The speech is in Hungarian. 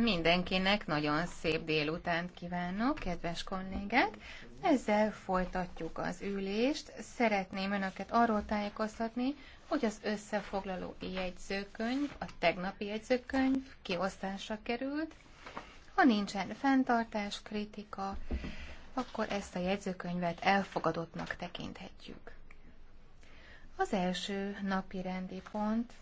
Mindenkinek nagyon szép délutánt kívánok, kedves kollégák! Ezzel folytatjuk az ülést. Szeretném Önöket arról tájékoztatni, hogy az összefoglaló jegyzőkönyv, a tegnapi jegyzőkönyv kiosztásra került. Ha nincsen fenntartás, kritika, akkor ezt a jegyzőkönyvet elfogadottnak tekinthetjük. Az első napi rendi pont